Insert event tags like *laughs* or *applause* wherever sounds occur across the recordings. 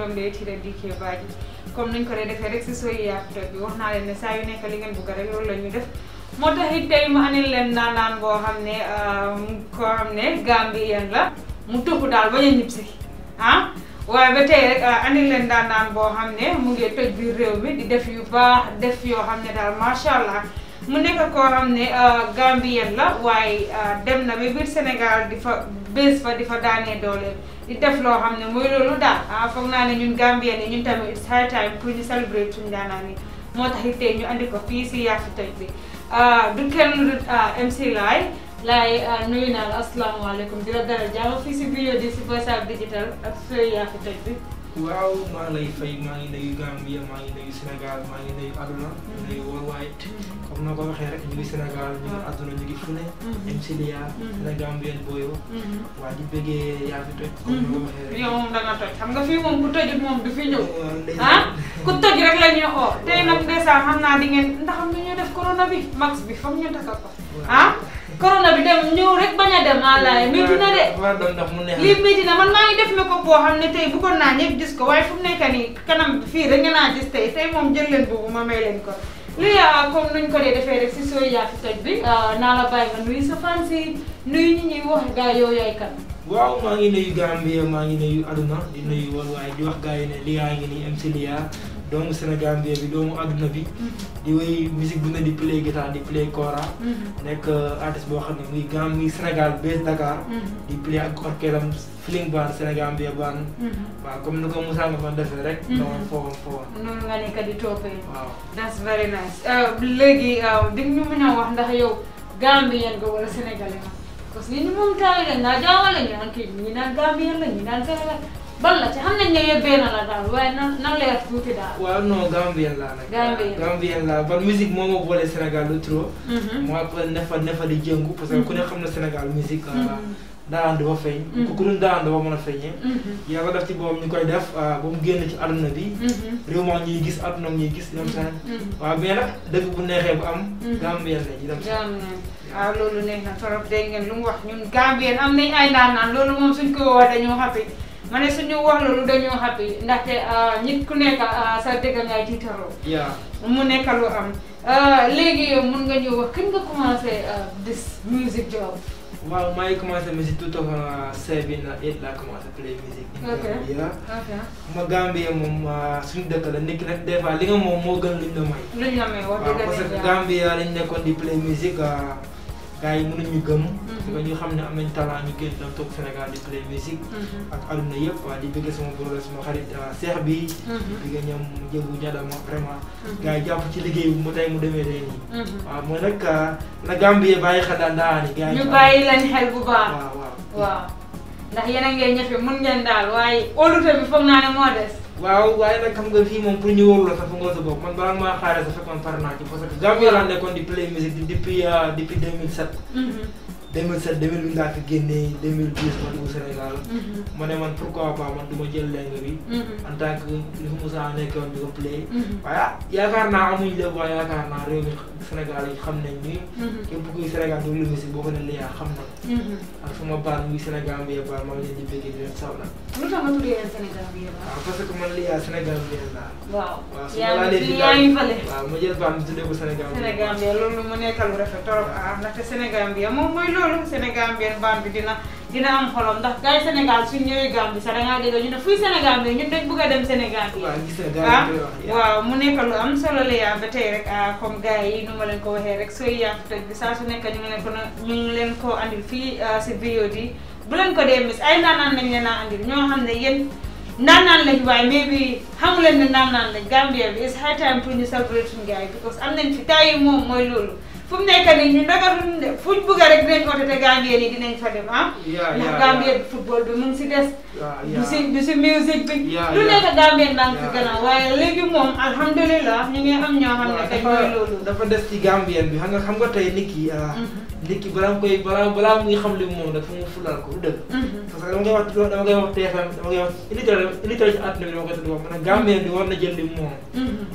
ndombee ci ah, la dikkee baaji comme nañ ko dee defee rek si sooy yaatu dog bi wax naa leen ne saa yu nekk li ngeen bugg rek loolu la ñu def moo tax it tey ma leen daanaan boo xam ne ko xam ne Gambien la mu tëpp daal bañ a ñib si ah waaye ba tey rek andil leen daanaan boo xam ne mu ngi toj biir réew mi di def yu baax def yoo xam ne daal macha allah mu nekk koo xam ne euh, Gambien la waaye euh, dem na ba biir Sénégal di fa bés fa di fa daanee doole di def loo xam ne mooy loolu daal ah foog naa ne ñun Gambien yi ñun tamit it's high time pour ñu celebrate suñu daanaan yi moo tax tey ñu andi ko fii si Yafi Touch bi ah, du kenn lu dul ah, MC ah, nuyu naa la asalaamaaleykum di la dara jàmm fii si vidéo di si Voice Out Digital ak Yafi Touch bi. waaw maa ngi lay fay maa ngi nuyu Gambia maa ngi nuyu Sénégal maa ngi nuyu àdduna nuyu worldwide mm-hmm. comme na ko waxee rek ñu ngi Sénégal ñu ngi àdduna ñu ngi fune MC mm-hmm. Lia Sénégambien mm-hmm. booyo waa di bëggee yaa fi toj comme na ko waxee da nga toj xam ga fii moom ku tojut moom du fi ñëw ah ku toj rek la ñuy xool tey nag ndeysaan xam naa di ngeen ndax am na def corona bi max bi foog ñu takal ko ah corona bi dem ñëw rek bañ a dem àllaay métti na de. lii métti na man maa ngi def makeup boo xam ne tey bëggoon naa ñëpp gis ko waaye fu mu nekk nii kanam fii rek naa gis tey tey moom jël leen boobu ma may leen ko. lii ah, comme nuñ ko dee defee rek si sooy yaa fi toj bi. Ah, naa la bàyyi nga nuyu sa fan si nuyu ñi ñuy wax gaa yow yaay kan. waaw maa ngi nuyu Gambie maa ngi nuyu aduna di nuyu wàllu waaye di wax gaa yi ne Lia ngi nii MC Lia doomu Sénégal bi doomu àdduna bi. Mm-hmm. di wéy musique bu ne di play guitare di mm-hmm. nekk euh, artiste boo xam ne muy gàmm muy Sénégal base Dakar. Mm-hmm. di play ak orkelam Feeling Band Sénégal bee band. waaw comme ni ko Moussa Mbacar defee rek. dama foofu foofu. noonu nga nekk di toppee. waaw that's very nice euh, léegi euh, di ñu mën a wax ndax yow Gambien nga wala Sénégalais nga parce que ñun moom taal lañ naa jaawale ñu naan kii ñu naan Gambien la ñu naan Sénégal. ban la ci xam nañ ne yóbbee na la daal waaye nan nan la yor tuuti daal. waaw non Gambien laa nag. Gambien Gambien laa ban musique moo ma boole Sénégal lu trop. Mhm. moo ak nefa nefa di jëngu parce que mhm. ku ne xam na Sénégal musique. Ah. Mhm. daan dafa feeñ. ku ku dul daan dafa mën a feeñee. yàlla def ci boobu ñu koy def ah, ba mu génn ci àdduna bi. réew maa ñuy gis àdduna ñuy gis ñoom seen. waaw mais nag dëgg bu neexee bu am. Gambien la ñu dem waaw ah, loolu neex na trop dégg ngeen lu mu wax ñun Gambien am nañ ay ndaanaan loolu moom suñ ko woowee dañoo xapi mane ne suñu wax loolu dañoo happy ndaxte ah, nit ku nekk ah, sa dëgg ngay tiitaroo. mu nekk lu am ah, léegi yow mun nga ñëw wax kañ nga commencé this music job. waaw maa ngi commencé musique tout seven eight laa commencé play musique. ok ok ma Gambie moom suñu dëkk la nekk nag des fois li nga moom moo gën luñ la may. luñ la may wax dëgg parce que Gambie liñ nekkoon di play musique. gars yi mën nañu gëm. ba mhm. ñu xam ne am nañu talent ñu génn toog Sénégal di play musique. Mhm. ak àdduna yëpp waaw di bëgg sama brother sama xarit seex euh, bi. Mhm. di nga ñoom jëgu ñaata ma vraiment. gars yi jàpp ci liggéey bu mu tey mu demee day nii. waaw mooy nag na euh, Gambie bàyyi xel daal daa ni. yi ñu bàyyi leen xel bu baax ndax yéen a ngi ñëfe ngeen daal waaye óolute bi foog naa ne moo des. waaw waaye nag xam nga fii moom pour ñu wóorul la sax sa bopp man balaa maa xaaree sa fekkoon par naa ci parce que Gambie laa nekkoon di play musique depuis euh, depuis 2007. 2007 2008 laa fi génnee 2010 ma dugg Sénégal. Mhm. ma ne man pourquoi pas man du ma jël leng bi. Mhm. en lu mhm. ah, si na. ak sama baal muy Sénégal bi yëpp baal di bëgg di leen sawla. lu tax ma tuddee leen bi yëpp waaw ah, parce que man li yaa Sénégal bi yëpp laa. waaw yaa ngi yaa ngi fële waaw jël baal ma tuddee ko Sénégal bi. Sénégal bi loolu mu nekkal lu rafet trop ah ndaxte Sénégal bi moom loolu Sénégambien baan bi dina dina am xolom ndax gars yi Sénégal suñ ñëwee Gambie sax da ngaa dégg ñu ne fuy Sénégal bi ñun dañ bëgg a dem Sénégal bi ah waaw mu nekk lu am solo la yaa ba tey rek ah, comme gars yi nu ma leen ko waxee rek sooy yàq tëj bi saa su nekk ñu ngi leen ko ñu ngi leen ko andil fii ah, si VOD bu leen ko dee mis ay naanaan lañ leen a andil ñoo xam ne yéen naanaan lañ waaye mais bi xamu leen ne naanaan lañ Gambia bi it's high time pour ñu celebrate suñu because loolu fu mu nekk nii ñu naka fu ñu bëgg rek dinañ ko te Gambie nii dinañ fa dem ah. yaa ndax Gambie football bi mu ngi si des. du si du si musique bi. lu nekk Gambie baa ngi si gannaaw waaye léegi moom alhamdulilah ñu ngi am ñoo xam ne dañ koy loolu. dafa des ci Gambien bi xam nga xam nga tey nit ki. Ah, mhm. nit ki balaa mu koy balaa balaa muy xam li moom dafa mu fulal ko lu dëgg. Mhm. parce que dama koy wax dama koy wax TFM dama koy wax éditeur éditeur ci àdduna bi dama koy tudd wax ma ne mhm. Gambien bi war na jël li moom.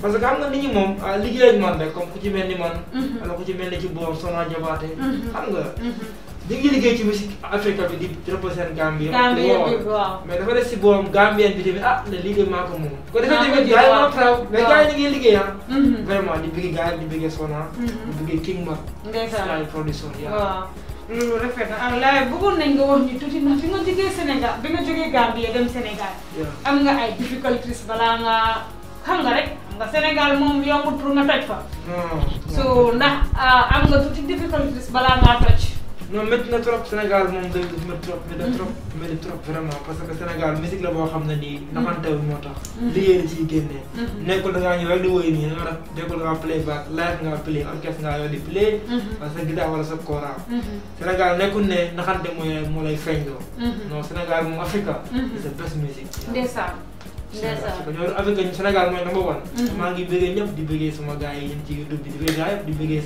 parce que xam nga nit ñi moom ah, liggéey ak man rek comme ku ci mel ni man. wala ku ci mel mel ne ci boobu Sona Jabaate. Mm-hmm. xam nga. Mm-hmm. ñu liggéey ci musique Afrique bi di représenter Gambie. Gambie bi waaw mais dafa des si boobu bi tamit ah a lii de maa ko moom. ko defee tamit gars yi maa traw mais gars yi ñu ngi liggéey ah. Mm-hmm. vraiment di bëgg gars yi di bëgg Sona. di bëgg King Mac. ndeysaan ay production yi waaw. loolu rafet na ah laay bëggoon nañ nga wax ñu tuuti ndax bi nga bi nga jógee Gambie dem Sénégal. am nga ay difficultés balaa nga xam nga Sénégal moom yombut pour nga toj fa. so ndax ah, am nga tuuti difficultés balaa ngaa toj. non métti na trop Sénégal moom day def métti trop métti trop mhm. métti trop vraiment parce que Sénégal musique la boo xam ne nii. Mhm. naxante bi moo tax. Mhm. liggéey la ciy génnee. nekkul da ngaa ñëw rek di woy nii da nga play back live nga play orchestre nga yow di play. wala sa guitare wala sa kora. Sénégal nekkul ne naxante mooy moo lay feeñloo. non Sénégal moom Africa. avec ñun Sénégal mooy number one mm-hmm. maa ngi bëggee ñëpp di bëggee sama gars yi yéen ci YouTube bi di bëggee gars yëpp di bëggee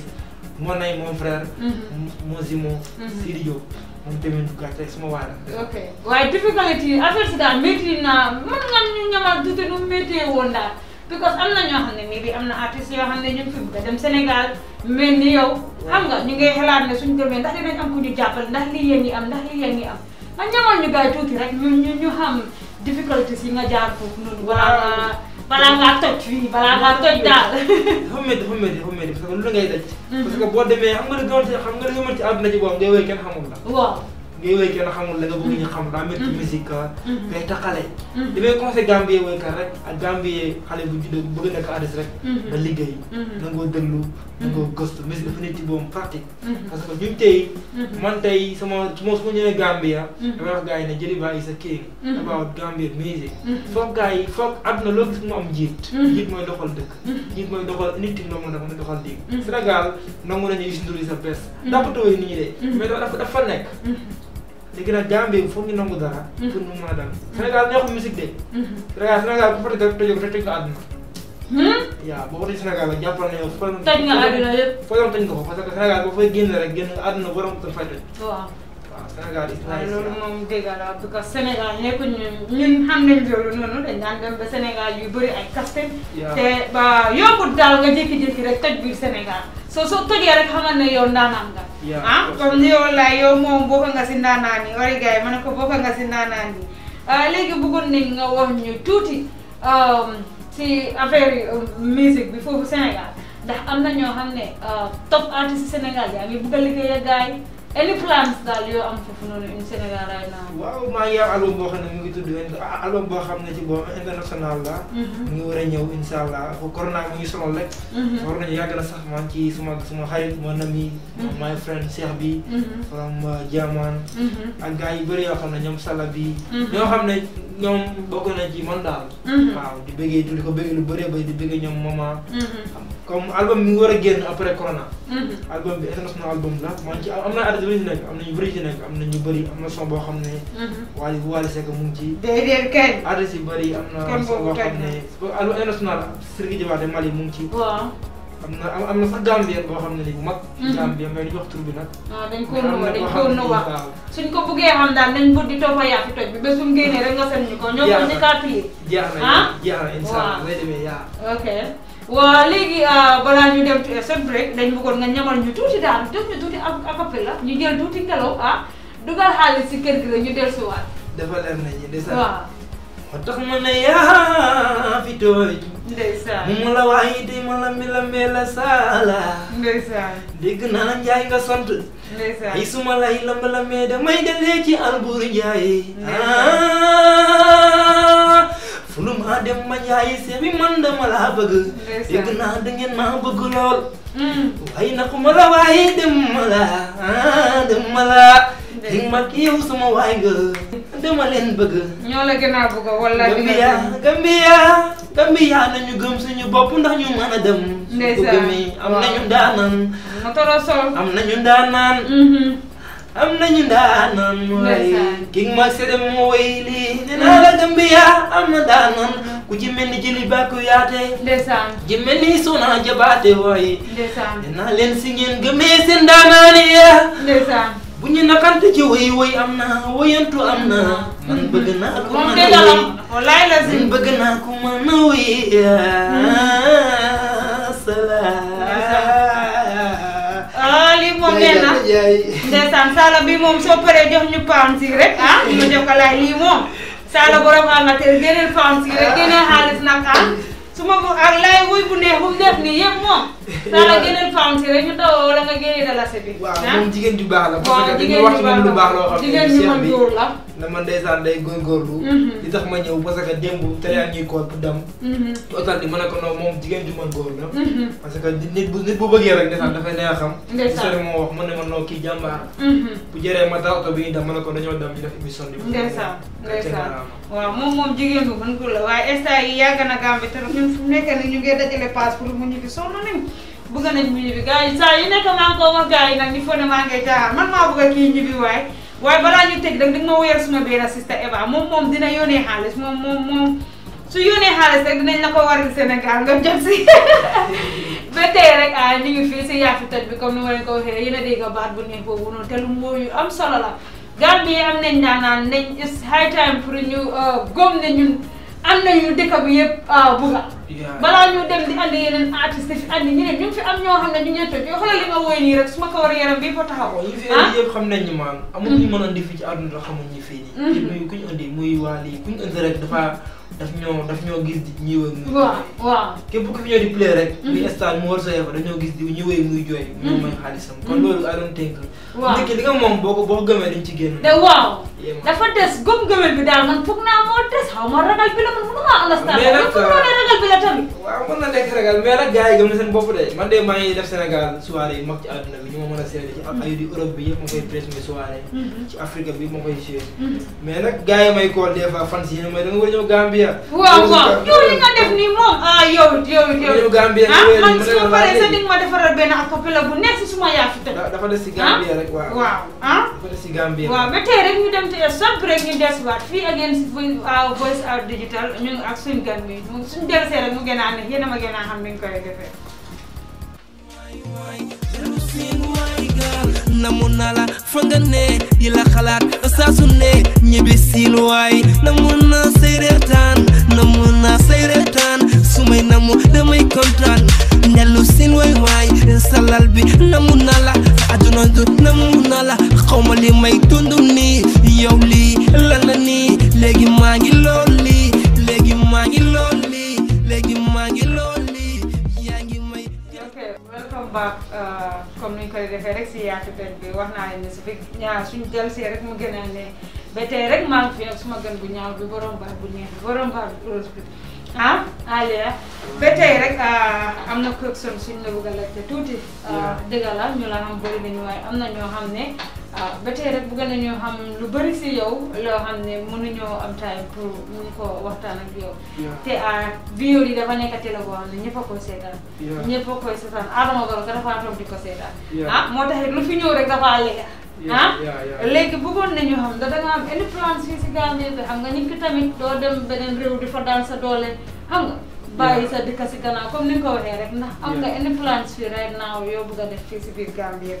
mon ay mon frère Mosimo Sidi Diop moom tamit gàttal sama waa la ok waaye difficulté affaire si daal métti naa mën nga ñu ñamal dute nu méttee woon daal because am na ñoo xam ne nii bi am na artistes yoo xam ne ñu fi bëgg a dem Sénégal mel ni yow xam nga ñu ngi xalaat ne suñ demee ndax dinañ am ku ñu jàppale ndax lii yéen ñi am ndax lii yéen ñi am man ñamal ñu gaay tuuti rek ñu ñu ñu xam difficultés yi nga jaar foofu noonu. wala balaa ngaa toj fii balaa ngaa toj daal. dafa métti dafa métti dafa métti parce que lu la ngay daj. Mhm. parce boo demee xam nga ne gëmal ci xam nga ne gëmal ci àdduna ji boobu ngay wéy kenn xamul la. waaw. ngay woy kenn xamul la nga bëgg ñu xam daa métti mm-hmm. musique ngay ah. mm-hmm. taxale mm-hmm. li may conseil Gambie woykat rek ak Gambie xale bu juddoo bëgg nekk artiste rek nga liggéey nangoo déglu nangoo gëstu musique dafa nekk ci boobu pratique parce que ñun tey man te sama su ma su ma ñëwee Gambie ah, damay wax gars yi ne jëli bàyyi sa kii about Gambie musique foog gars yi foog àdduna loolu gis mu am njiit njiit mooy doxal dëkk njiit mooy doxal nit ki nangu na mën a doxal dégg Sénégal nangu nañu Youssou Ndour yi sa bes léegi nag Gambie foog ñu nangu dara. Mhm. pour mu mën a dal Sénégal neexul musique de. Mhm. Sénégal Sénégal bu fa tëjee tëjee ko te hmm? tëj nga àdduna. yaa boo ko tëj Sénégal la jàppal na yow. tëj nga àdduna yëpp foo doon tëj nga ko parce que Sénégal boo fay génn rek génn àdduna borom ko fay tëj. waaw waaw Sénégal is naa is loolu moom dégg la parce que Sénégal nekkul ñun ñun xam nañ loolu noonu dañ daan dem ba Sénégal yu bëri ay casting. te ba yombut daal nga jékki-jékki rek tëj biir Sénégal soo soo tojee rek xamal ne yow ndaanaan nga. ah comme ni yow laa yow moom bokk nga si ndaanaan yi yi ma ko bokk nga si ndaanaan yi ah, léegi bëggoon nañ nga wax ñu tuuti um, si affaire um, musique bi foofu Sénégal ndax am na ñoo xam ne ah, top artiste Sénégal yaa ngi bëgg a liggéey any plans daal yoo am foofu noonu in Sénégal right now. waaw maa ngi am album boo xam ne mi ngi tudd album boo xam ne ci boobu international la. mi mhm. ngi war a ñëw incha allah corona mi ngi sonal rek. Mhm. war nañu yàgg na sax man ci suma suma xarit ma na mhm. my friend Cheikh bi. from uh, Diamane. ak gars yu bëri yoo xam ne ñoom Sala bi. ñoo xam ne ñoom bokk na ci man daal. waaw di bëggee di ko bëggee lu bëree bëri di bëggee ñoom mama. comme album bi nga war a génn après corona. Mhm. album bi international album la man ci am na artiste yu nekk am na ñu bëri ci nekk am na ñu bëri am na son boo xam ne. Mhm. Wally Wally Seck mu ngi ci. déedéet kay. artiste yu bëri am na son boo xam ne. album international Serigne Diabaté Mali mu ngi ci. am na am na sax Gambien boo xam ne nii bu mag. Mhm. Gambien mais du wax tur bi nag. ko nuwa dañ ko nuwa suñ ko buggee xam daal nañ bëgg di toog a yaa fi toj bi ba suñ génnee rek nga seen ñu ko. ñoo ko njëkk a appuyer. jeex na ah? jeex na incha allah waa léegi ah, balaa ñu dem ci seen break dañ bëggoon nga ñamal ñu tuuti daal def ñu tuuti ak acapella ñu jël ah dugal xaalis si kër gi la ñu dellusiwaat. dafa lem nañu ndeysaan. tax ma ne fi mu la di ma lambi lambee la saala. ndeysaan dégg naa la njaay nga sant. ndeysaan ay suma lay lamb ci sunu maa dem ma jaayi seemi man dama laa bëgg yëg naa da ngeen maa bëgg lool hmm. waaye nag ma la waaye dem ma la dem ma la dig ma ki yow sama waay nga dama leen bëgg ñoo la gën a bëgg wala Gambia Gambia Gambia nañu gëm suñu bopp ndax ñu mën a dem suñu gëmee am nañu daanan am nañu daanan mm-hmm. am nañu ndaanan mooy ki nga mag sedda moo woy lii dinaa la Gambia am na ndaanan ku ci mel ni jëli bàkku yaate ndeysaan ji mel ni sona jabaate woy ndeysaan dinaa leen si ngeen gëmee seen ndaanaani ya ndeysaan bu ñu nakante ci woy woy am na woyantu am na man bëgg naa ku mën a woy walaay la si bëgg naa ku mën a woy mm. moom nee saala bi moom soo paree jox ñu pound si rek ah ñu jox ko laay lii moom saala borom amateur génneel pound si rek génneel xaalis nag ah su ma ko ak lay wuy bu neex bu mu def nii yëpp moom saala génneel pound si rek ñu dawoo wala nga génnee dalase bi waaw ah. moom jigéen ju baax la parce que dañu wax ci moom lu baax loo xam ne jigéen ñu na man ndeysaan day góorgóorlu. li mhm. tax ma ñëw parce que te yaa ñuy kool bu dem. Mhm. otal di mën a ko jigéen ju mën góor la. Mhm. parce que nit bu nit bu bëggee rek ma noo kii jàmbaar. bu jëree ma taa oto bi ñu dem mën a ko dañoo dem ñu def jigéen bu mën góor la waaye instant yi yàgg na Gambie te ñun fu mu nekk nii ñu ngi mu ñibbi sonn nañu. bëgg nañ mu ñibbi gars yi saa yu nekk maa ngi ko wax gars ne maa man maa bëgg kii ñibbi waaye waaye balaa ñu teg rek di ma woyal suma benn sista Eva moom moom dina yónnee xaalis moom moom moom su yónnee xaalis rek dinañ la ko waral Sénégal nga jot si *laughs* ba tey rek ah ñu fii si Yafi Touch bi comme ni ma leen ko waxee yéen a dégg baat bu neex boobu noonu te lu yu am solo la Gambie am nañ naanaan nañ it's high time pour ñu euh, góom ne ñun. am nañu dëkk bi yëpp buga ah, balaa ñu dem di andi yeneen artiste fi andi ñeneen ñu ngi fi am ñoo xam ne ñu ñee toj yoo xoolal li nga woy nii rek su ma ko war yaram bii fa taxaw yi fi ah? indi yëpp xam nañ ñu maan amul ñu mën a indi fii ci àdduna la xamuñ mm-hmm. ñu fii nii yëpp ñu kuñ indi muy waa ku kuñ indi rek dafa daf ñoo daf gis di ñuy wëy muy waaw képp ku fi ñëw di play mm-hmm. mu war sa yëf dañoo gis di ñuy wëy muy jooy mm-hmm. I don't think waaw kan ndekki li nga moom boo ko boo gëmee dañ ci génn. de waaw. dafa des gëm gëmel bi daal man foog naa moo des xaw ma ragal bi la man mënu maa understand. mais nag foog naa ne ragal bi la tamit. waaw mën na nekk ragal mais nag gars yi gëm na seen bopp de man de maa ngi def Sénégal soirée yu mag ci àdduna bi ñu ma mën a seede ci ay di Europe bi yëpp ma koy présumé soirée. ci Afrique bi ma koy joué. mais nag gars yi may call des fois fan si yéen may da nga war a ñëw Gambia. waaw waaw yow li nga def nii moom ah yow yow yow. yow Gambia ah man su ma paree sa di nga ma defaral benn acapella bu nekk si suma yaa fi tëj. dafa des si Gambia rek waaw ah. waaw ba tey rek ñu dem te sopp rek ñu fii ak yéen ah, Voice Out Digital ñu ak suñ gan mi suñ delsee rek mu gën a ne yéen a ma gën a xam ni ñu koy defee. namu naa la fa nga ne di la xalaat saa su ñibbi siin waay namu naa say reetaan namu na say reetaan su may namu damay kontaan ndellu siin waay waay salal bi namu naa la àdduna namu naa la xaw ma li may dund nii yow li lan la léegi maa ngi lool lii léegi maa ngi lool lii ba eh, comme ni ñu koy defee rek si yaatu benn bi wax naa leen ne su fi ñaar suñu jël see rek mu gën a ne ba tey rek maa ngi fi nag suma gën bu ñaaw bi borom baax bu neex bi borom baax bu rose bi ah Aliya ba tey rek eh, am na question suñ la bëgg a laajte tuuti. Eh, dëgg la ñu la xam bëri nañu waaye am na ñoo xam ne. a ah, ba tey rek bëgg nañoo xam lu bëri si yow loo xam ne mënuñoo am time pour mun ko waxtaan ak yow. te ah vidéo yi dafa nekk télé boo xam ne ñëpp a koy seetaan. ñëpp a koy seetaan Adama Barrow ka dafa toog di ko seetaan. ah moo tax it lu fi ñëw rek dafa lekk. ah léegi bëggoon nañu xam am any plans fii si Gambie bi xam nga nit ki tamit doo dem beneen réew di daan sa doole xam nga. bàyyi sa si gannaaw comme ni nga ko waxee rek ndax am nga any plans fii right now yow bëgg a def fii si biir Gambie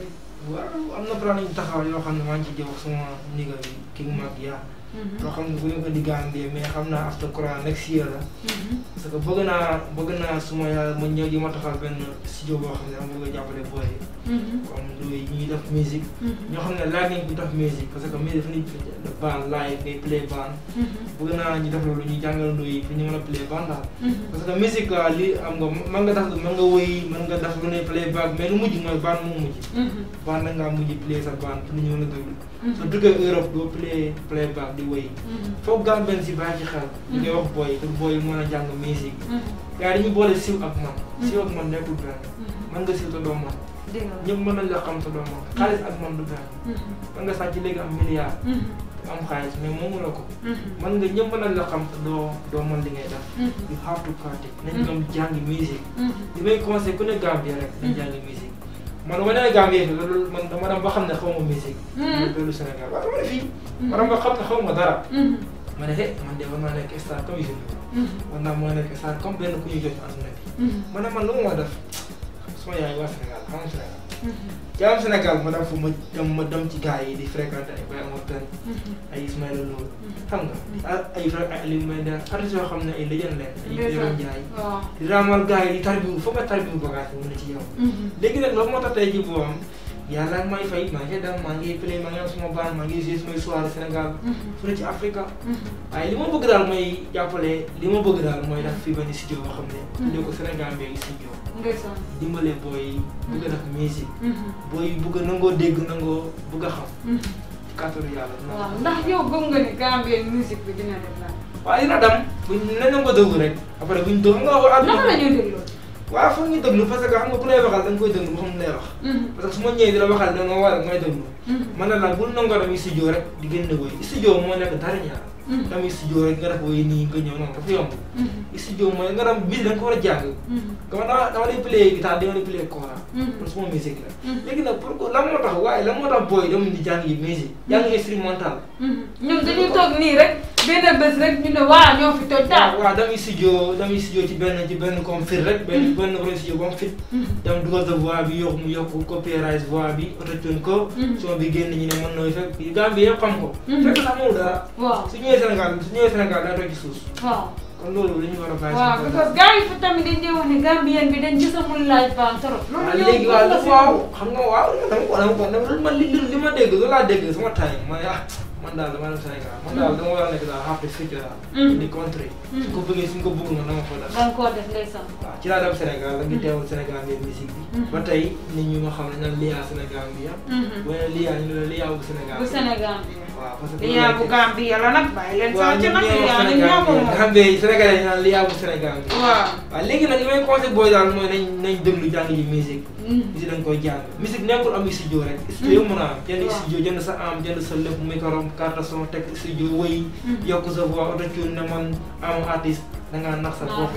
waaw am na plan yu taxaw yoo xam ne maa ngi ciy wax sama ndigal kii mu mag yaa moo mm-hmm. xam ne bu ñu ko di Gambie mais xam after Corona next year la. Mm-hmm. parce que bëgg naa bëgg naa suma yàlla ma ñëw di ma taxal benn studio boo xam ne a jàppale booy yi. Mm-hmm. comme du ñuy def musique. ñoo xam ne laaj nañ ko def musique parce que musique dafa nit band live play band. bëgg naa ñu def loolu ñu jàngal ndóoy yi pour ñu a play band daal. parce que musique li am nga mën nga def mën nga woy mën nga def lu ne play band mais lu mujj mooy band moo mujj. band ngaa play sa band pour ñu a di woy mm-hmm. foog Gamben si bàyyi ci xel li mm-hmm. ngay wax booy du booy mën a jàng musique mm-hmm. gars yi dañu boole siw ak man siw ak man nekkul benn mën nga siw te doo man ñëpp mën nañ la xam man xaalis ak man du la ko mën nga ñëpp mën nañ la xam te doo doo mën li ngay def you have to practice nañ gëm jàngi musique li may conseil ku ne Gambien rek nañ jàngi musique man ma nee Gambie bi loolu man dama dem ba xam ne xaw ma musique. Hmm. loolu Sénégal waaye ma ne fii. Hmm. ma dem ba xam ne xaw ma dara. Hmm. ma ne de eh, man de war naa nekk star comme yu man naa mën a nekk star comme benn ku ñu jot àdduna bi. ma ne man lu ma def sama yaay waa Sénégal xam nga Sénégal. yaa am Sénégal ma dem fu ma dem ma dem ci gars yi di fréquenté ay Baye Omar Kane mhm. ay Ismaïla Lo mhm. xam nga ay ay Aliou Mbengue artiste yoo xam ne ay légende leen ay Demba Ndiaye di raamal gars yi di tarbiwu foog nga mhm. loolu moo tax tey ji boo yàlla ak may fay maa ngi dem maa ngi play maa ngi am sama baan maa ngi joué samay soirée Sénégal. fu ne li ma bëgg daal mooy li ma bëgg daal mooy def fii benn studio boo xam ne. tuddee ko Sénégal mbay studio. ndeysaan dimbale booy. bëgg a def musique. booy bëgg a nangoo dégg nangoo bëgg a xam. kàttanu yàlla. waaw ndax yow gëm nga ni Gambie musique bi dina dem daal. waaw dina dem buñ nañu ko déglu rek après buñ déglu nga wax. naka la ñuy waaw foog ñu déglu parce que xam nga ku lay waxal da nga koy déglu ba xam lay wax. parce que su ma di la waxal da nga war ngay déglu. man na la bul nangoo dem studio rek di génn woy studio moo nekk dara ñaar. dem studio rek nga def nga ñëw dafa yomb. nga ko jàng. lay play guitare dama lay play kora. loolu suma musique la. léegi nag pour lan moo tax waaye lan moo tax booy demuñ di jàng yi musique jàng instrumental. ñoom dañuy toog nii rek. benn bés rek ñu ne waaw ñoo fi toj daal. waaw damay studio damay studio ci benn rek. benn mm-hmm. benn projet studio comme fit. Mm-hmm. dama bi yokk mu yokk copyright voix bi autotune ko. Mm-hmm. son bi génn ñu ne mën nooy fekk gàmm bi yëpp xam ko. fekk na amul dara. waaw su ñëwee Sénégal su ñëwee Sénégal daa toj ci suuf. waaw. kon loolu la ñu war a bàyyi. waaw parce que gars yi fi tamit dañ dee wax ne Gambien bi dañ gisamul laaj ba trop. loolu léegi waaw waaw xam nga waaw dama ko dama ko man li li ma dégg loolu laa dégg sama time man daal damaa dem Sénégal man daal dama war a nekk daal happy future daal. si contre yi. su ko bëggee su ko bëgg nga na ma ko def. da nga koo def ndeysaan. waaw ci laa dem Sénégal la ngi mm. teewal Sénégal ngeen musique bi. Mm-hmm. ba tey nit ñi nga xam ne naan liyaa Sénégal bi yàqu. Mm-hmm. wala liyaa ñu ne la liyaa bu Sénégal. bu Sénégal liyaabu Gambia la nag bàyyi leen sànq nag liyaa nag ñaamu moom bi waaw léegi nag li may conseil booy daal mooy nañ nañ déglu jàng yi musique musique dañ koy jàng musique nekkul am studio rek hmm. studio mën a am jënd studio jënd sa am jënd sa lépp micro carte son teg studio woy yokk sa voix autotune ne man am artiste dangaa nax sa bopp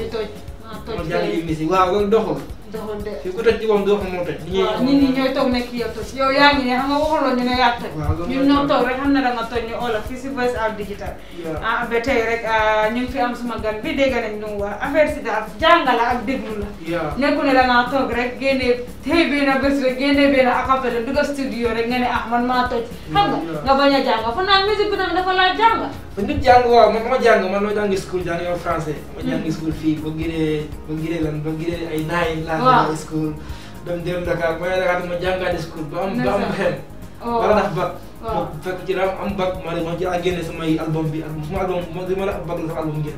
jàng yi musique waaw loolu doxul doxoon de. fi ku toj ci moom doo xam moo toj. waaw nit ñi ñooy toog nekk yow tos yow yaa ngi ne xam nga waxuloo ñu ne yaa toj. ñun ñoo toog rek xam na da nga toj ñu oola fii si Voice Out Digital. Iya. ah ba tey eh, rek ñu ah, ngi fi am suma gan bi dégg nañ ñu wax ah. affaire si daal ah, jàngala ak déglu la. Iya. nekku ne da ngaa toog rek génnee tey benn bés rek génnee benn acapella dugg studio rek nga ne ah man maa toj. xam nga nga bañ a jàng fa naan musique bi tamit dafa laa jàng. nit jàng waaw man ma jàng man ma jàng school jàng yow français ma jàng school fii boo giree boo giree lan boo giree ay waaw school dem Dóor Dakar boo nee Dakar dama jàngaate school ba am ba am xel. waaw oh. ba فكتير أمبك ماري ما جاء جن اسمه ألبوم بي ألبوم ما ألبوم ما زي ما لا أمبك لسه ألبوم جن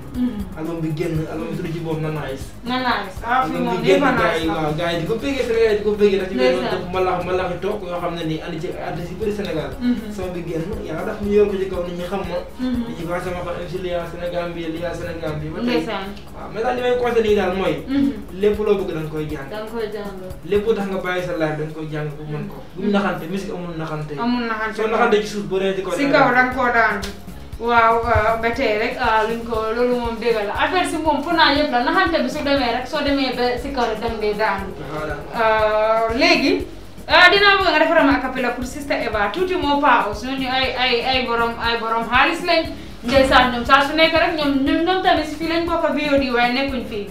ألبوم بي جن ألبوم تري جيبوا من نايس نايس ألبوم بي جن جاي جاي ديكو بيجي سنغال ديكو بيجي نتيجة ملا ملا هتوك ويا خمنا ني أنا جي أدرس يبري سنغال سو بي جن يا هذا في يوم كذي كون نيجي خم نيجي كذا ما كان إنشلي يا سنغال بي يا سنغال بي mais daal li may conseillé daal mooy. lépp loo bëgg da nga koy jàng. da nga koy jàng lépp tax nga bàyyi sa laaj da nga koy jàng bu mën ko. bu mu naxante musique amul naxante. amul naxante waxal de ci ko. si kaw da nga koo daan waaw ba tey rek ah, luñ ko loolu moom dégg la si moom pour naa yëpp la naxante bi su demee rek soo demee ba si kaw rek da nga dee daanu. Ah, léegi. ah dinaa bëgg nga defaral ma acapella pour sister Eva tuuti moo paus ñooñu ay ay ay borom ay borom xaalis lañ. ndeysaan ñoom saa su nekk rek ñoom ñoom ñoom tamit fii lañ bokk VOD waaye nekkuñ fii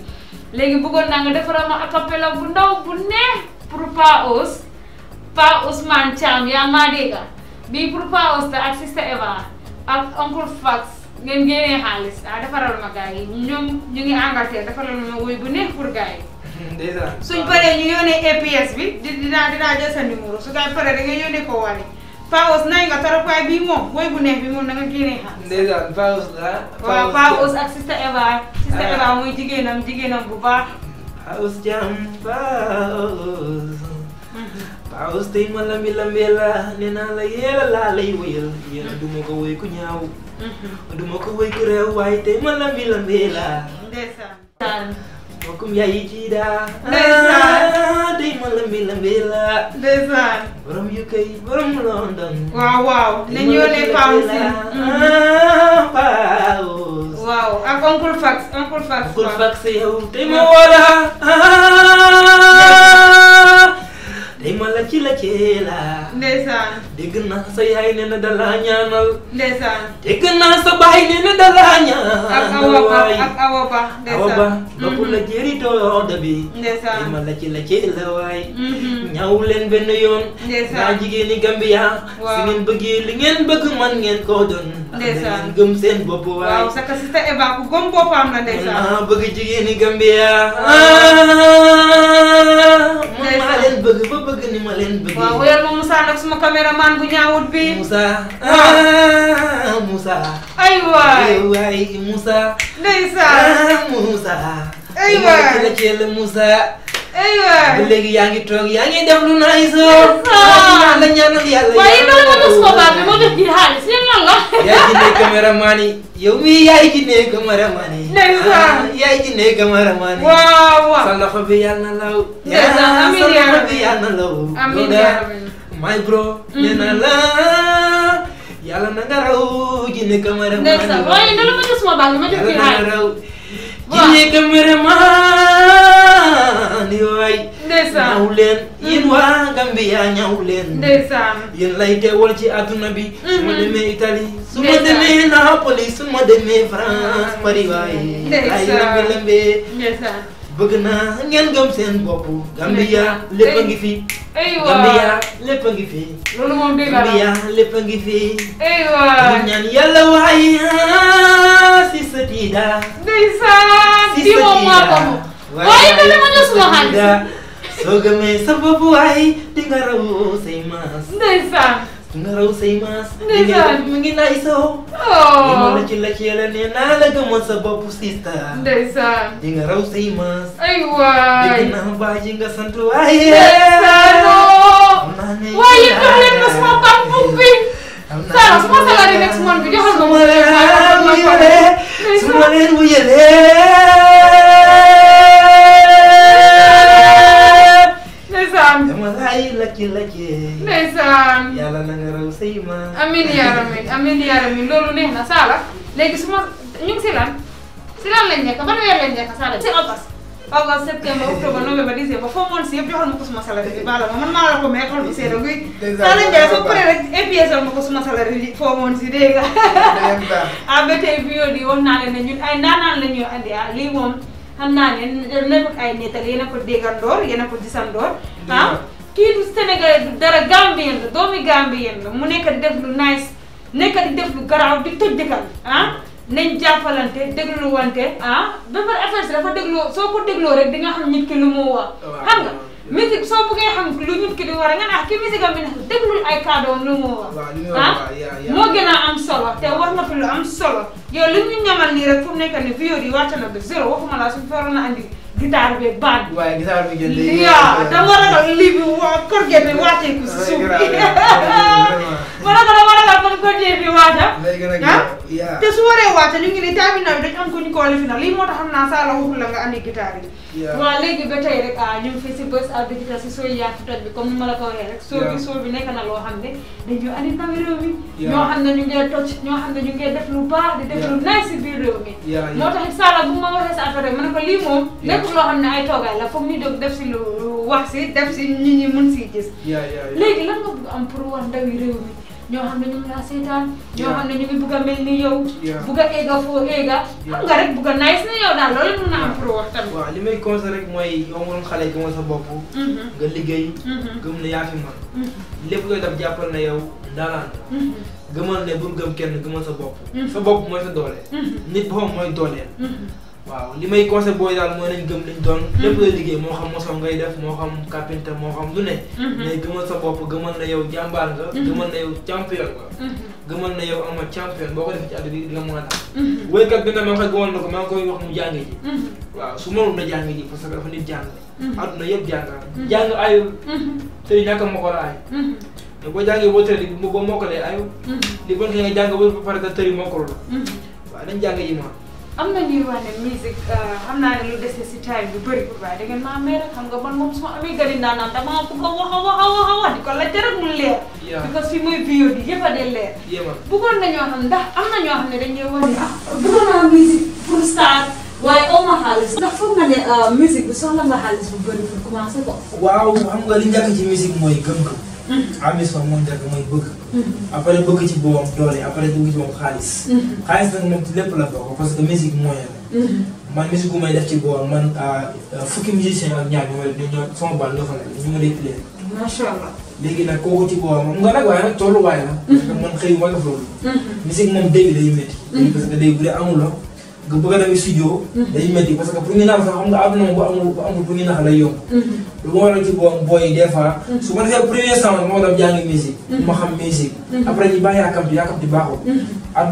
léegi bëggoon naa nga defaral ma acapella bu ndaw bu neex pour paus Pa Ousmane Thiam yaa maa dégg bii pour Pa Ousta ak Sista Eva ak oncle Fax ngeen génnee xaalis ah defaral ma gars yi ñoom ñu ngi engagé defaral ma wuy bu neex pour gars yi. *laughs* déjà suñ paree ñu yónnee EPS bi di dinaa dinaa jël sa numéro su daan paree da nga yónnee ko wane Pa Ousta nay nga trop waaye bii moom woy bu neex bi moom da nga génnee xaalis. déjà Pa Ousta la. waaw Pa Ousta ak Sista Eva. Sista ah. Eva mooy jigéenam jigéenam bu baax. Pa Ousta jàmm Pa Ousta. paus tey ma lambi lambee la nee naa la yéela laa lay wëyal yéela duma ko wëy ku ñaaw duma ko wëy ku réew waaye tey ma lambi lambee la ndeysaan mbokkum yaay yi ci daa ndeysaan tey ma lambi London waaw waaw nañ yónnee paus yi paus waaw ak oncle fax oncle fax oncle fax yow ci la ci la ndeysaan dégg naa sa yaay nee na dalaa ñaanal. ndeysaan. aku naa sa baay aku na dalaa ñaanal. ak awa ba ak awa ba. awa ba bokkul la jëri too dabi. ndeysaan ma la ci la ci la waay. ñaaw leen benn yoon. ndeysaan aku jigéen ñi Gambia. waaw ah, si ngeen bëggee li ngeen bëgg man ngeen koo doon. ndeysaan gëm seen bopp waay. sa ka sista ku gëm boppam la ndeysaan. man maa bëgg jigéen Gambia. man maa leen bëgg ba bëgg ni ma leen bëgg. waaw wéyal ma Moussa nag suma caméraman man Musa. Musa, Musa, ah Musa, Musa, Musa. Musa. Musa. Musa, Musa. Moussa Musa. Musa. Musa. ci Musa. Moussa Musa. waay Musa, léegi Musa. ngi Musa. yaa ngi def lu naay soo ndeysaan la ñaanal yàlla waaye non la mos ko baax Musa, moo def ci xaalis yéen lan la yaa ci Musa, cameraman yi yow mii yaay my bro. Mm-hmm. nee na la yàlla na nga ma ne la waaye dala ma jox ma jox kii raay yàlla na nga raw. waaw jinne kamara maa ni waay. ndeysaan ñaw leen. Mm-hmm. ci adduna bi. su ma mm-hmm. demee Italie. su ma demee ma demee France Paris waaye. ndeysaan ay lambe lambe. ndeysaan. bëgg naa ngeen gëm seen bopp. Gambia lépp a ngi fi. aywa Gambia lépp a ngi fi. loolu moom dégg Gambia lépp a ngi fi. ñaan ah, si sa tiida. ndeysaan di moom moo ko moom. waaye itam dama suma sa di nga raw ndeysaan. nga raw say maas. ndeysaan mu ngi lay sow. li ma la ci la ci yàlla ne naa la gëmoon sa bopp sista. ndeysaan. di nga raw say maas. aywaay dégg naa baa ji nga sant waaye. ndeysaan noo. waaye jox leen ma sama bambou bi. saa su ma sala di nekk su ma bi joxal ma. su ma leen wuyalee su ma leen wuyalee. ndeysaan dama lay lakki lakki ndeysaan yàlla na nga raw sëy ma amin yaaramin amin yaaramin loolu neex na saala léegi su ma ñu ngi si lan si lan lañ nekk ban weer lañ nekk saala si august august septembre octobre novembre décembre foo moon si yëpp joxal ma suma salaire bi baala man maa la ko mais xol bi seeda guy saala Ndiaye soo paree rek épiesal ma ko suma salaire bi foo moon si dégg nga *laughs* ah ba tey bio di wax naa leen ne ñun ay ndaanaan la ñuy andi ah lii moom xam naa ne nekkul ay nettali yéen a ko déggandoor yéen a ko gisandoor ah kii du Sénégalais du dara Gambien la doomi Gambien la mu nekk di def lu nice nekk di def lu garaaw di toj dëkkal ah nañ jàppalante dégluwante ah ba pare affaire si dafa dégloo soo ko dégloo rek di nga xam nit ki lu mu wax. xam nga musique soo bëggee xam lu nit ki di war a nga naan ki musique am bi nag ay kàddoom lu mu wax. ah moo gën a am solo te wax na fi lu am solo. yow li ñu ñamal nii rek fu nekk nii vidéo yi wàcc na ba zéro waxuma laa suñu gitaar bi baat bi. waaye gitaar bi jënd léegi. waaw dama ragal lii bi waa corget bi wàccee ko si suuf *laughs* bi. *laughs* ma ragal ma ragal man corget bi waata. Ah. Ah? te su waree waata ñu ngi ne terminal bi dañ am ko ñu saa la waxul la nga waaw léegi ba tey a ah, ñu ngi fi si bés à digital si sooy yaatu bi comme ni ma la ko bi soo bi nekk na loo xam ne dañu andi ndawi réew mi. ñoo xam ne ñu ngi toj ñoo xam ne ñu ngi def lu baax di def lu nice biir réew mi. moo tax it Saala ma waxee sa affaire rek ma ne ko lii moom. nekkul loo xam ay toogaay la foog ñu jóg def si lu wax si def si nit ñi mën si gis. léegi lan nga bëgg am pour wax ndawi réew mi. ñoo xam ne ñu ngi laa seetaan. ñoo xam ne ñu ngi bugg a mel ni yow. bugg a eega foo eega. xam nga rek bugg a nice na yow daal loolu mun na pour wax tamit. waaw li may conseil rek mooy yow moom xale gëmal sa bopp. Mm-hmm. nga liggéey. Mm-hmm. gëm na yaa fi man mm-hmm. lépp looy def jàppal na yow daanaan. gëmal ne bu gëm kenn gëmal sa bopp. sa bopp mooy sa doole. nit boppam mooy dooleel. waaw li may conseil booy daal mooy nañ gëm liñ doon. Hmm. lépp la liggéey moo xam mosoom ngay def moo xam carpenter moo xam lu ne. Hmm. mais gëmal sa bopp gëmal na yow jàmbaar nga. Hmm. gëmal na yow champion nga. gëmal na yow ama champion boo ko defee ci àdduna bi di nga mën a am. wéykat bi nag maa ngi na ko maa ngi koy wax mu jàng ji. waaw su mënul na jàng ji parce que dafa nit jàng. àdduna yëpp jàng naa. jàng ayul. te ñàkk a mokkal ay. te boo jàngee boo tëri boo mokkalee ayul. li bon nga jàng ba pare te tëri mokkalul. waaw nañ jàng ji ma. am na ñuy wax ne musique euh, xam naa ne lu dese si time bi bëri bu baax da ngeen maa mere xam nga man moom su ma amee gari naan naan damaa bëgg a wax a wax a wax a wax di ko laajte rek mu leer. yaa ngi ko si mooy bio bi yëpp a de leer. yéen bëggoon nañoo xam ndax am na ñoo xam ne dañu ñëwoon. ah bëggoon naa musique pour start waaye aw ma xaalis. ndax foog nga ne euh, musique bi soxla nga xaalis bu bëri pour commencer ko. waaw xam nga li njëkk ci musique mooy gëm-gëm. ambition mooy njëkk mooy bëgg. Mm-hmm. après bëgg ci boobam doole après bëgg ci boobam xaalis. Mm-hmm. xaalis nag moom ci lépp la bokk parce que musique mooy mm-hmm. man musique bu may def ci boobam man ah, ah, fukki musicien ak ñaar ñu may ñoo sama kooku ci boobam moom nga nag waaye nag tolluwaay la. man xëy ma def loolu. musique moom dégg day métti. parce que day bu dee amuloo nga bëgg a dem studio. day métti parce que pour ñu naan sax xam nga àdduna moom bu amul bu amul pour ñu naan lay yomb. lu ma waral ci boom booy yi des fois. su ma defee premier semence moo dem jàngi musique. Mm-hmm. ma xam musique. Mm-hmm. après ñu bàyyi yàkkamti yàkkamti baaxul. Mm-hmm. a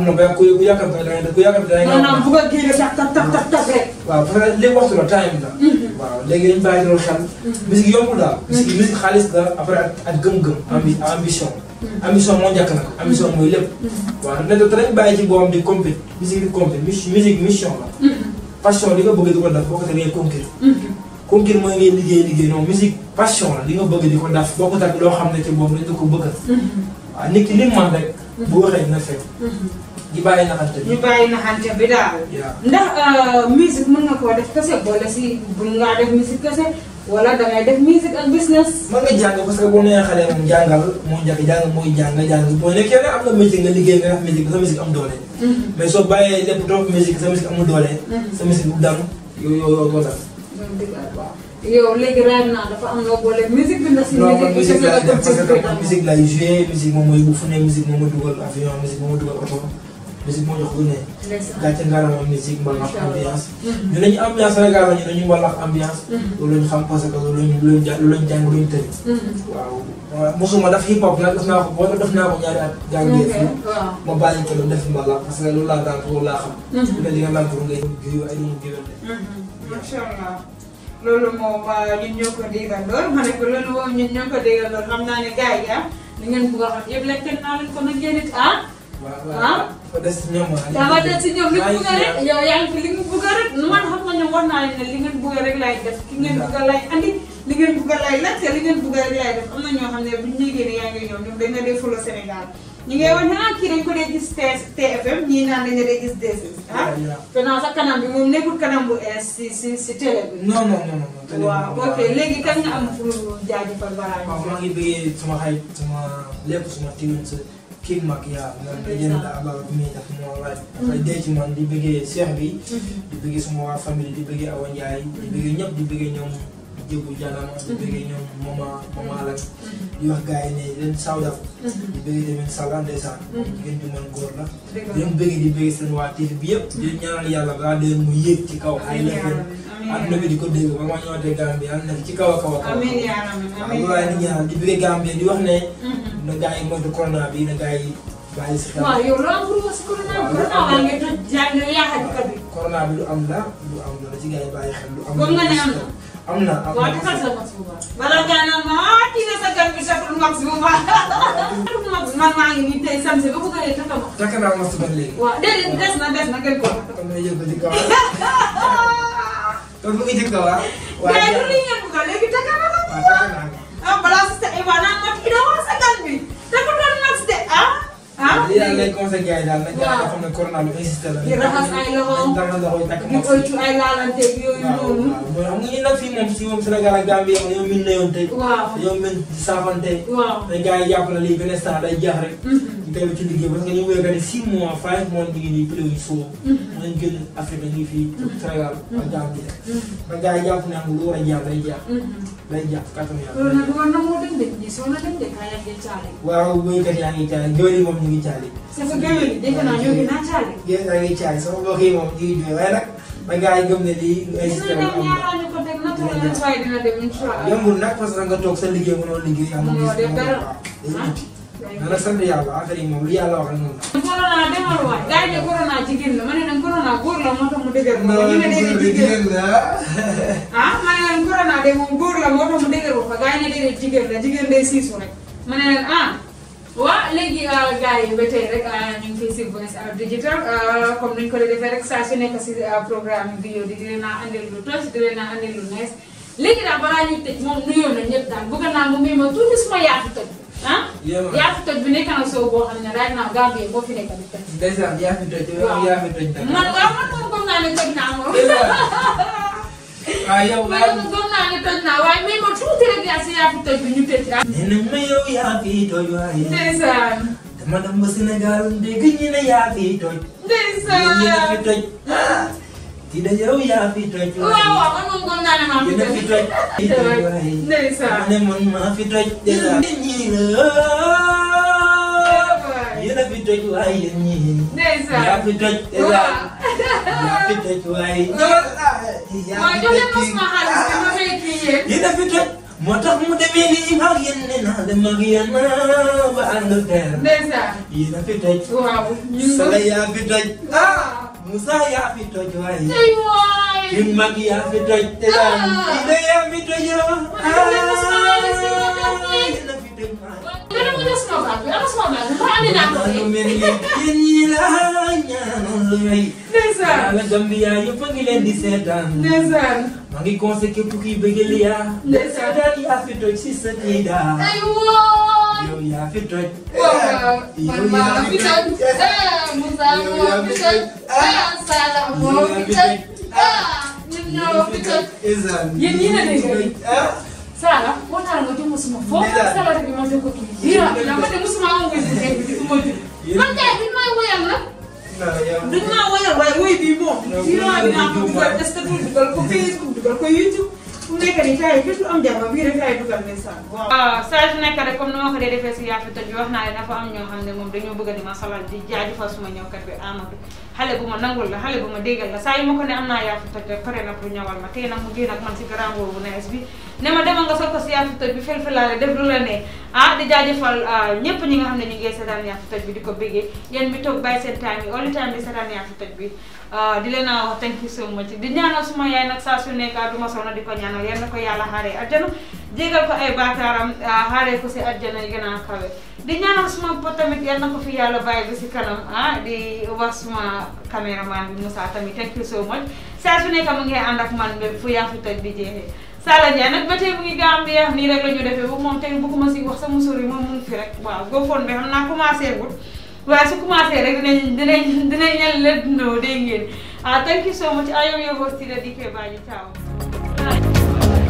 génne loolu xel. musique yombul daal. musique musique xaalis la après ak gëm-gëm. ambi ambition. ambition moo njëkk nag ambition mooy mission la. li nga bëgg di ko def boo ko defee conquérir. mungkin mooy ngay liggéey liggéey non musique passion la li nga bëgg di ko def bokkut ak loo xam ne ci boobu dañ ko bëgg. Mhm. waaw nit ki lim man rek. Mhm. bu waxee dina fekk. ñu mhm. bàyyi naxante bi ñu bàyyi naxante bi daal. ndax euh, musique mën nga koo def kese boole si bu ngaa def musique kese wala da ngay def musique ak business. mën nga jàng parce que boo nee xale moom jàngal moo njëkk jàng mooy jàng jàng boo am na musique nga liggéey nga musique sa musique am doole. mais soo bàyyee lépp trop musique sa musique amul doole. sa musique bu yow yow yow doo yow léegi raadu naa dafa am loo boole musique bi na si. musique la musique lay joué musique moom mooy yóbbu fu ne musique moom mooy dugal avion musique moom mooy dugal oto musique moo jox lu ne. gàcce ngalaama musique mbalax ambiance. Mm-hmm. ñu ne ñu ambiance rek gàllankoor ñu ne ñu mbalax ambiance. Mm-hmm. loolu la ñu xam parce que loolu la ñu loolu la ñu jàng loolu la ñu tëj. waaw mosuma daf hip hop nag def naa ko boo def naa ko ñaari at. jàngee fii ma bàyyi ko def mbalax parce que loolu laa daan loolu laa xam. bu mm-hmm. dee li nga naan pour ngay jiw ay doomu jiwante. macha allah. loolu moom ñun ñoo ko déggandoor ma ne ko loolu moom ñoo ko déggandoor xam naa ne gars yi li ngeen bugg a xam yëpp lekk naa ko nag yéen it ah. ah dafa des si ñoom rek. Ah. dafa des si ñoom li mu bugg rek yow yaa ngi fi li mu bugg man xam nga ñoom war naa leen ne li ngeen bugg rek laay def ki ngeen bugg laay andi. li ngeen bugg laay laaj te li ngeen bugg rek laay def am ñoo xam ne buñu déggee ne yaa ngi ñoom ñoom dañ na dee fulo Sénégal ñu ngi woon ah kii dañu ko dee gis TFM ñii naan dañu dee gis DSS ah. te naa sa kanam bi moom nekkul kanam bu ees si si si télé bi. non non non non. waaw ok léegi kan nga am fu jaajëfal balaa ñu. waaw maa ngi bëggee sama xarit sama lépp sama teewul sa kii mag yaa. yéen a la bu muy def moo waaj. dafay dee ci man di bëggee Cheikh bi. di bëggee sama waa famille di bëggee Awa Ndiaye. di bëggee ñëpp di bëggee ñoom. Ibou Diallam di bëggee ñoom Mama Mama Alex di wax gars yi ne leen saw daf di bëggee tamit Salah ndeysaan jigéen ju mën góor la leen bëggee di bëggee seen waa TV bi yëpp di ñaanal yàlla balaa leen mu yéeg ci kaw ay leen aduna bi di ko dégg ba ma ñëwaatee Gambie yàlla na ci kaw a kaw a kaw waaye di ñaanal di bëggee Gambie di wax ne na gars yi moytu corona bi na gars yi bàyyi si kaw waaw yow ya loolu si corona bi corona bi nga toj jàng yaakaar bi corona bi lu am la lu am la ci gars yi xel lu am la am na am na bala ngaa naan ma ah kii na sa gan bi jotul max bu baax. *laughs* man maa ngi nii tey samedi ba bëgg a yee takk ma. takk naa ma suba léegi. waaw déedéet des na des na gën ko. *laughs* kon nag yëg ko ci kaw. *laughs* kon mu ngi ci kaw ah. waaye du li ngeen bëgg léegi takk na la. waaw ah, takk naa ko. ah balaa si sa Eva naan ma kii ah lii daal lay conseillé gars yi daal nañu daal nga xam ne corona lu insisté la. di raxas ay loxo daal loxo na yoon tey. waaw yow miin saafante. waaw na lii benn instant day jeex rek. ñu teewlu ci nii ba gars yi jàpp na lu war a jeex day jeex. day jeex kàttan yàlla. loolu nag war na moo dem de ñu soxla dem de kaay ak ngi caali. c'est que géwél yi dégg naa ñoo ngi naan caali. géwél naa ngi caali sama mbokk yi moom ñu ngi jógee waaye nag ba gars yi gëm ne lii. ay système am na yombul nag parce que nga toog sa liggéey mënoo liggéey. mënoo def dara ah dana sant yàlla affaire yi moom lu yàlla wax noonu la. corona demal waay gars yi ne corona jigéen la ma ne leen corona góor la moo tax mu dëgër. ñu ne leen jigéen la ah ma ne leen corona de moom góor la moo tax mu dëgër ba fa gars yi ne leen jigéen la jigéen day siisu rek ma ne leen ah waaw léegi euh, gars yi ba tey rek euh, ñu ngi fii si Voice Out Digital euh, comme ni ñu ko defee rek programme bi yow di leen a andil lu tos di leen a andil lu nees léegi daal balaa ñuy tëj moom nuyoo na ñëpp daal bëgg naa mu may ma tuuti suma yaatu toj. ah yaatu toj bi nekk na soo boo xam ne right now Gambie boo fi nekk di toj. dèjà yaa fi toj. waaw yaa fi toj. man waaw man moom comme naa ne toj naa moom. *laughs* waaw yow daal ma gëm naa ne toj naa waaye may ma tuuti rek yaa si yaa fi toj bi ñu tëj daal. nee na ma yow yaa fi toj waaye. ndeysaan. dama dem ba Sénégal dégg ñu ne yaa fi toj. ndeysaan ñu ne fi toj. di la yow yaa fi toj. waaw waaw man moom gëm naa ne maa fi toj. fi toj. ndeysaan ma ne man maa fi toj. ndeysaan ñii la fi toj waaye yéen ñii. ndeysaan yaa fi toj. yaa fi toj waaye. waaw jox leen mos ma xaalis bi ma fay kii yéen. li dafi toj moo tax mu demee nii mag yéen ne naa dem ak yéen ba Angleterre. ndeysaan. yi dafi toj. waaw ñun Sala yaa fi toj. ah Moussa yaa fi toj waaye. tey waay. li mag yaa fi toj. te ah. daal Ida yaa fi toj yow. ah. ndeysaan la Gambia yëpp a ngi leen di seetaan. ndeysaan. maa ngi conseillé képp kuy bëgg liyaa. ndeysaan daal yaa fi toj si sa tiida. ay woo. yow yaa fi toj. waaw eh, man maa la fi toj. Eh, Moussa moo fi toj. Salah moo fi toj. ñun ñoo fi toj. yéen ñi ne dégg Salah waxtaan nga ci musuma foofu salade bi ma dégg ko kii. yéen a ma ne musuma amoo ko si xeetu bi ma jóg. man kay bi may woyal la. duñ maa woyal waaye woy bii moom. dinaa dinaa ko dugal Instagram dugal ko Facebook dugal ko YouTube. fu nekk nii gars yi képp am jamono bii rek laay dugal message. waaw ah, saa su nekk rek comme ni ma ko dee defee si yaa fi toj wax naa ne dafa am ñoo xam ne moom dañoo bëgg a di ma salal di jaajëfal suma ñëwkat bi Amadou. xale bu ma nangul la xale bu ma déggal la saa yi ma ko ne am naa yaafu toj rek pare na pour ñawal ma tey nag mu génn ak man si grand boobu nees bi ne ma demal nga sol ko si yaafu toj bi felfelaale def lu la ne ah di jaajëfal ah, ñépp ñi nga xam ne ñu ngi seetaan yaafu toj bi di ko béggee yéen bi toog bàyyi seen time yi all time di seetaan yaafu toj bi ah, di leen a wax thank you so much di suma yaay nag saa su nekk ah, du ma sonn di ko ñaanal na ko yàlla jégal ko ay bakaram haare ah, ko si aljana yi gën a kawe di ñaanal suma bopp tamit yal na ko fi yalla baye bi ci kanam ah di wax suma cameraman bi Moussa tamit thank you so much sa su nekk mu ngi ànd ak man be fu yaa fi bi jeexee Sala Ndiaye nak ba tey mu ngi Gambia ni rek la bu mom tay bu ko ma ci wax sa musóor yi moom mu fi rek waaw góofoon bi xam naa commencé gut wa su commencé rek dinañ dinañ dinañ le lëndoo de ngeen ah thank you so much I am your host di Dike Badji ciao